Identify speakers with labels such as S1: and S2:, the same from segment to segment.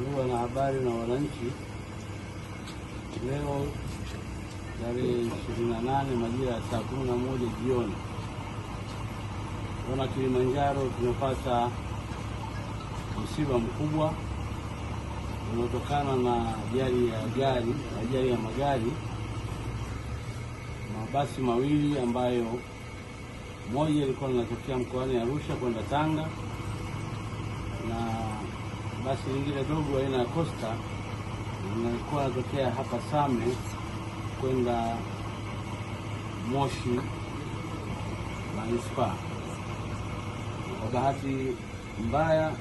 S1: ndugu wanahabari na wananchi, leo tarehe 28 majira ya saa kumi na moja jioni, wana Kilimanjaro tumepata msiba mkubwa unaotokana na ajali ya gari, ajali ya magari, mabasi mawili ambayo moja ilikuwa linatokea mkoani Arusha kwenda Tanga na basi lingine dogo aina ya Costa nilikuwa natokea hapa Same kwenda Moshi manispaa. Kwa bahati mbaya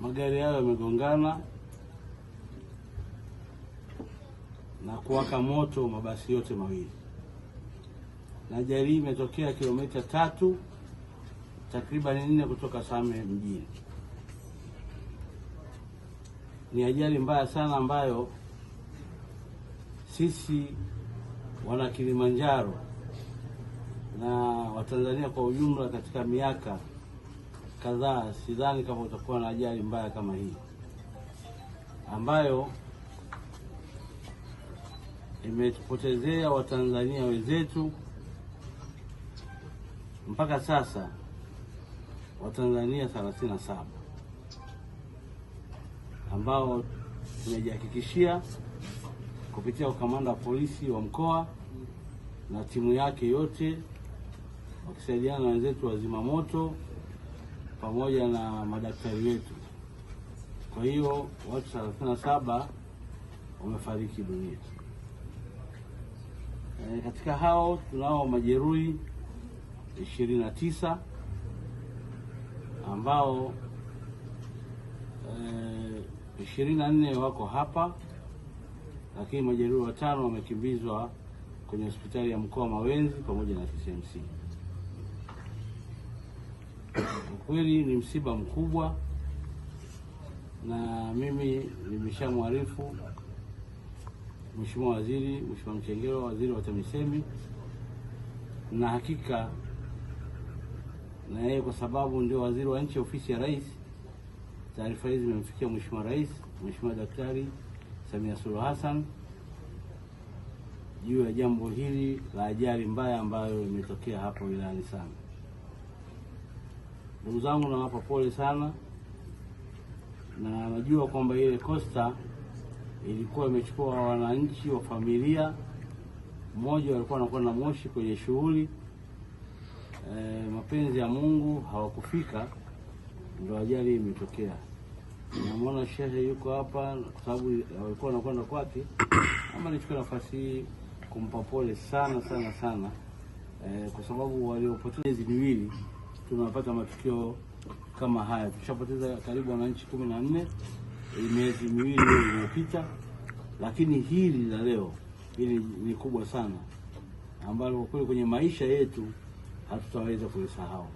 S1: magari yao yamegongana na kuwaka moto mabasi yote mawili, na ajali imetokea kilomita tatu takriban nne kutoka Same mjini. Ni ajali mbaya sana ambayo sisi wana Kilimanjaro na Watanzania kwa ujumla katika miaka kadhaa, sidhani kama utakuwa na ajali mbaya kama hii ambayo imetupotezea Watanzania wenzetu mpaka sasa. Watanzania 37 ambao tumejihakikishia kupitia ukamanda wa polisi wa mkoa na timu yake yote wakisaidiana na wenzetu wa zimamoto pamoja na madaktari wetu. Kwa hiyo watu 37 wamefariki dunia. E, katika hao tunao majeruhi 29 ambao eh, ishirini na nne wako hapa, lakini majeruhi watano wamekimbizwa kwenye hospitali ya mkoa Mawenzi pamoja na kwa kweli ni msiba mkubwa, na mimi nimeshamwarifu Mheshimiwa Waziri, Mheshimiwa Mchengerwa, waziri wa TAMISEMI, na hakika na yeye kwa sababu ndio waziri wa nchi ofisi ya rais. Taarifa hizi zimemfikia Mheshimiwa Rais, Mheshimiwa Daktari Samia Suluhu Hassan juu ya jambo hili la ajali mbaya ambayo imetokea hapa wilayani sana. Ndugu zangu, nawapa pole sana, na najua kwamba ile kosta ilikuwa imechukua wananchi wa familia mmoja walikuwa wanakuwa na moshi kwenye shughuli eh, mapenzi ya Mungu hawakufika, ndio ajali imetokea. Namwona shehe yuko hapa kwa sababu walikuwa wanakwenda kwake. Ama nichukue nafasi hii kumpa pole sana sana sana eh, kwa sababu waliopoteza miezi miwili tunapata matukio kama haya. Tushapoteza karibu wananchi kumi na nne eh, miezi miwili iliyopita, lakini hili la leo hili ni kubwa sana ambalo kwa kweli kwenye maisha yetu 我所以就負責好。